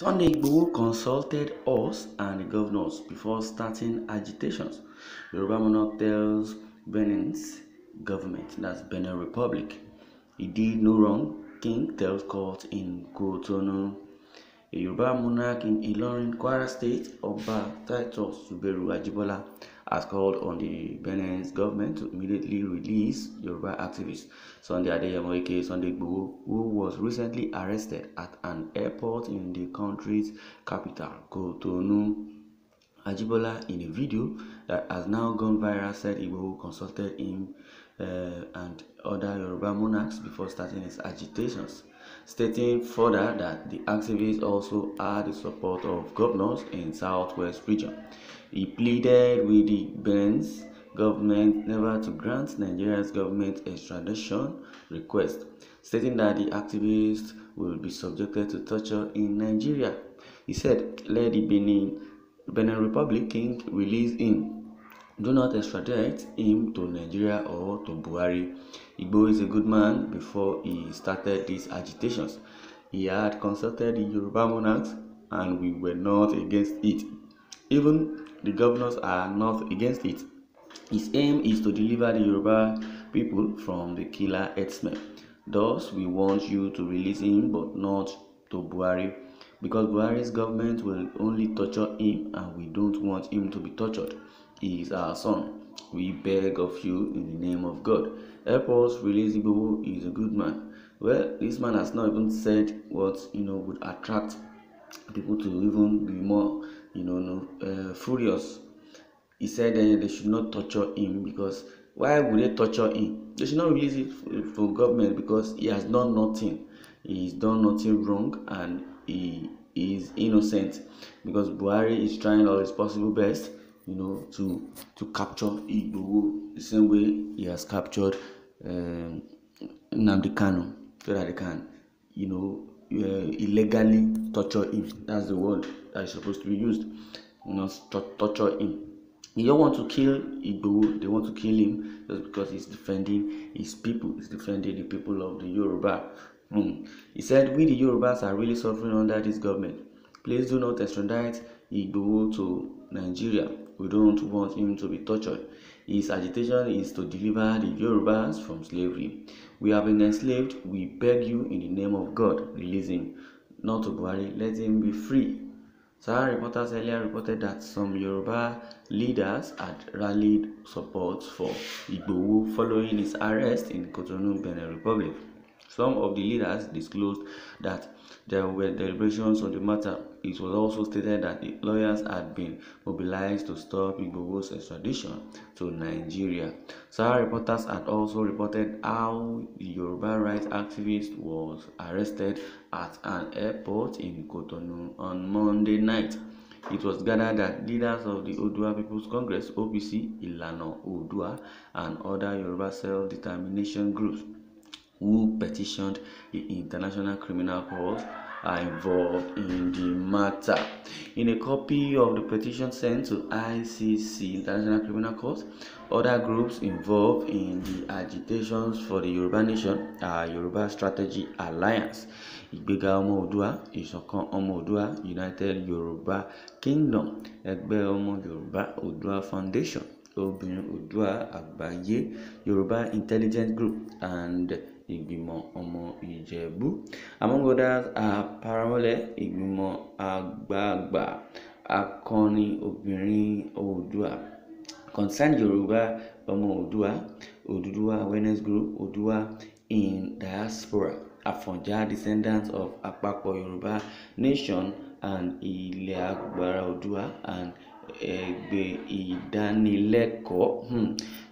Sunday Igbo consulted us and the governors before starting agitations. Yoruba monarch tells Benin's government, that's Benin Republic, he did no wrong. King tells court in Kotonu, A Yoruba monarch in Ilorin, Kwara State, Oba Titus Suberu Ajibola has called on the Benin's government to immediately release Yoruba activist Sunday Adeyemo Sunday Igboho, who was recently arrested at an airport in the country's capital, Cotonou. Ajibola, in a video that has now gone viral, said Igboho consulted him uh, and other Yoruba monarchs before starting his agitations. stating further that the activists also had the support of governors in southwest region. He pleaded with the Benin's government never to grant Nigeria's government extradition request, stating that the activists will be subjected to torture in Nigeria. He said, let the Benin, Benin Republic King release him Do not extradite him to Nigeria or to Buhari. Igbo is a good man before he started these agitations. He had consulted the Yoruba monarchs and we were not against it. Even the governors are not against it. His aim is to deliver the Yoruba people from the killer herdsmen. Thus, we want you to release him but not to Buhari because Buhari's government will only torture him and we don't want him to be tortured. is our son. We beg of you in the name of God. Help us release Igboho. He is a good man. Well, this man has not even said what you know would attract people to even be more you know uh, furious. He said uh, they should not torture him because why would they torture him? They should not release it for, for government because he has done nothing. He has done nothing wrong and he is innocent because Buhari is trying all his possible best you know, to to capture Igboho the same way he has captured um, Nnamdi Kanu so that they can, you know, uh, illegally torture him. That's the word that is supposed to be used. You know, torture him. They don't want to kill Igboho. They want to kill him just because he's defending his people. He's defending the people of the Yoruba. Mm. He said, "We the Yorubas are really suffering under this government. Please do not extradite Igboho to Nigeria. We don't want him to be tortured. His agitation is to deliver the Yorubas from slavery. We have been enslaved. We beg you in the name of God, release him. Not to Buhari, let him be free. Sahara reporters earlier reported that some Yoruba leaders had rallied support for Igboho following his arrest in Cotonou, Benin Republic. Some of the leaders disclosed that there were deliberations on the matter. It was also stated that the lawyers had been mobilized to stop Igboho's extradition to Nigeria. Sahara reporters had also reported how the Yoruba rights activist was arrested at an airport in Cotonou on Monday night. It was gathered that leaders of the Odua People's Congress, OPC, Ilano Odua, and other Yoruba self-determination groups who petitioned the International Criminal Court are involved in the matter. In a copy of the petition sent to ICC International Criminal Court, other groups involved in the agitations for the Yoruba nation are Yoruba Strategy Alliance, Ìgbéga Ọmọ Oòduà, Ìṣọ̀kan Ọmọ Oòduà, United Yoruba Kingdom, Egbe Omo Yoruba Odua Foundation, Obìnrin Odua Agbaye, Yoruba Intelligence Group and ìgbìmọ̀ ọmọ ìjẹ̀bú among others are parole ìgbìmọ̀ àgbààgbà akọni obìnrin oòdùà concern yorùbá ọmọ oòdùà oòdùà awareness group oòdùà in diaspora àfọ̀njá descendants of àpapọ̀ yorùbá nation and ilẹ̀ agbára oòdùà and ẹgbẹ́ ìdánilẹ́kọ̀ọ́ hmm.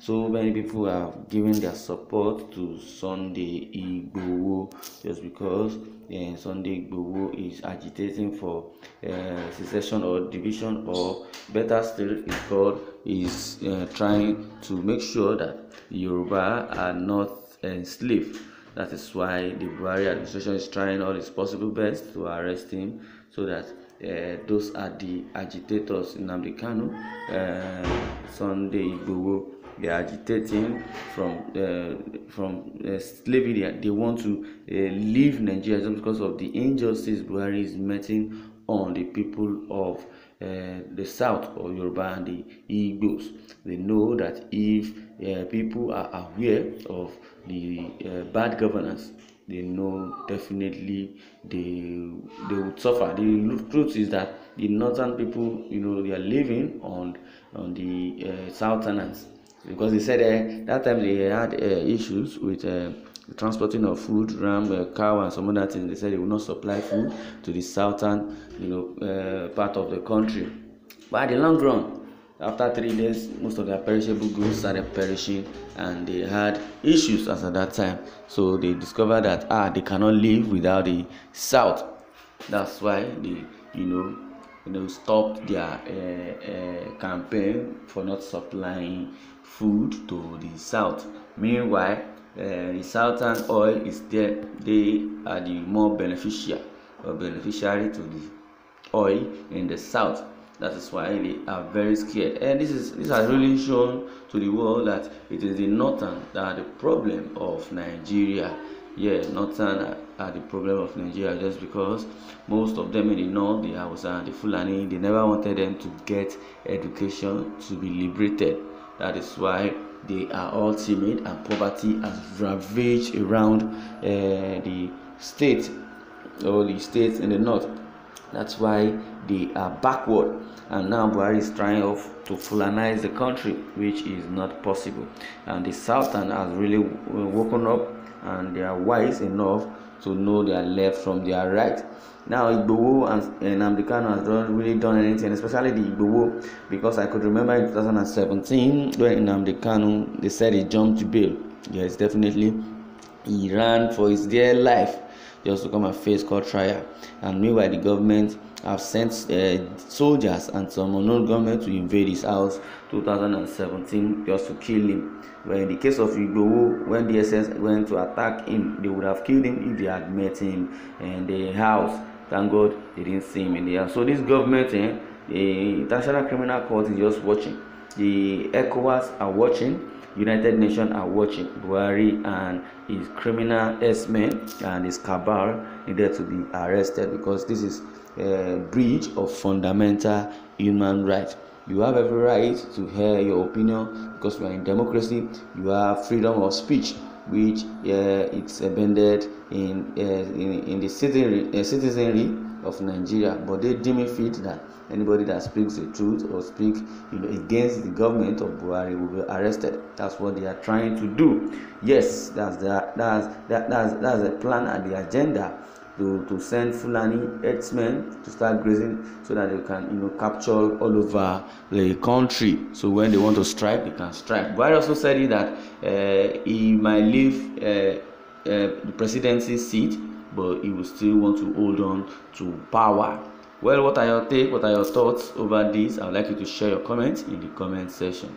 so many people have given their support to Sunday Igboho just because uh, Sunday Igboho is agitating for uh, secession or division or better still is called is uh, trying to make sure that Yoruba are not enslaved. That is why the Buhari administration is trying all its possible best to arrest him so that uh, those are the agitators in Kanu, uh, eh, Sunday Igboho. They are agitating from uh, from uh, slavery. They, want to uh, leave Nigeria because of the injustice Buhari is meting on the people of uh, the south of Yoruba and the Igbos. They know that if uh, people are aware of the uh, bad governance they know definitely they they would suffer. The truth is that the northern people, you know, they are living on on the uh, southerners because they said uh, that time they had uh, issues with. Uh, transporting of food ram uh, cow and some other things they said they would not supply food to the southern you know uh, part of the country but at the long run after three days most of their perishable goods started perishing and they had issues as at that time so they discovered that ah they cannot live without the south that's why they you know you know stopped their uh, uh, campaign for not supplying food to the south meanwhile uh, the southern oil is there they are the more beneficial or beneficiary to the oil in the south that is why they are very scared and this is this has really shown to the world that it is the northern that are the problem of Nigeria yeah northern are, are the problem of Nigeria just because most of them in the north the Hausa and the Fulani they never wanted them to get education to be liberated that is why they are all timid and poverty has ravaged around uh, the state all the states in the north That's why they are uh, backward. And now Buhari is trying off to fulanize the country, which is not possible. And the Southern has really uh, woken up and they are wise enough to know their left from their right. Now Igbowo and, and Amdekano has not really done anything, especially the Igbowo, because I could remember in 2017 when Amdekano they said he jumped to bail. Yes, definitely he ran for his dear life Just to come and face court trial and meanwhile the government have sent uh, soldiers and some unknown government to invade his house 2017 just to kill him but in the case of igbowo when dss went to attack him they would have killed him if they had met him in the house thank god they didn't see him in the house so this government eh, the international criminal court is just watching The ECOWAS are watching. United Nations are watching Buhari and his criminal S-men and his cabal needed to be arrested because this is a breach of fundamental human rights. You have every right to hear your opinion because we are in democracy. You have freedom of speech, which uh, it's embedded in, uh, in in the citizenry. Uh, citizenry of Nigeria, but they deem it fit that anybody that speaks the truth or speak you know, against the government of Buhari will be arrested. That's what they are trying to do. Yes, that's the, that's that, that's that's the plan and the agenda to to send Fulani herdsmen to start grazing so that they can you know capture all over the country. So when they want to strike, they can strike. Buhari also said that uh, he might leave uh, uh, the presidency seat but he will still want to hold on to power well what are your take what are your thoughts over this i would like you to share your comments in the comment section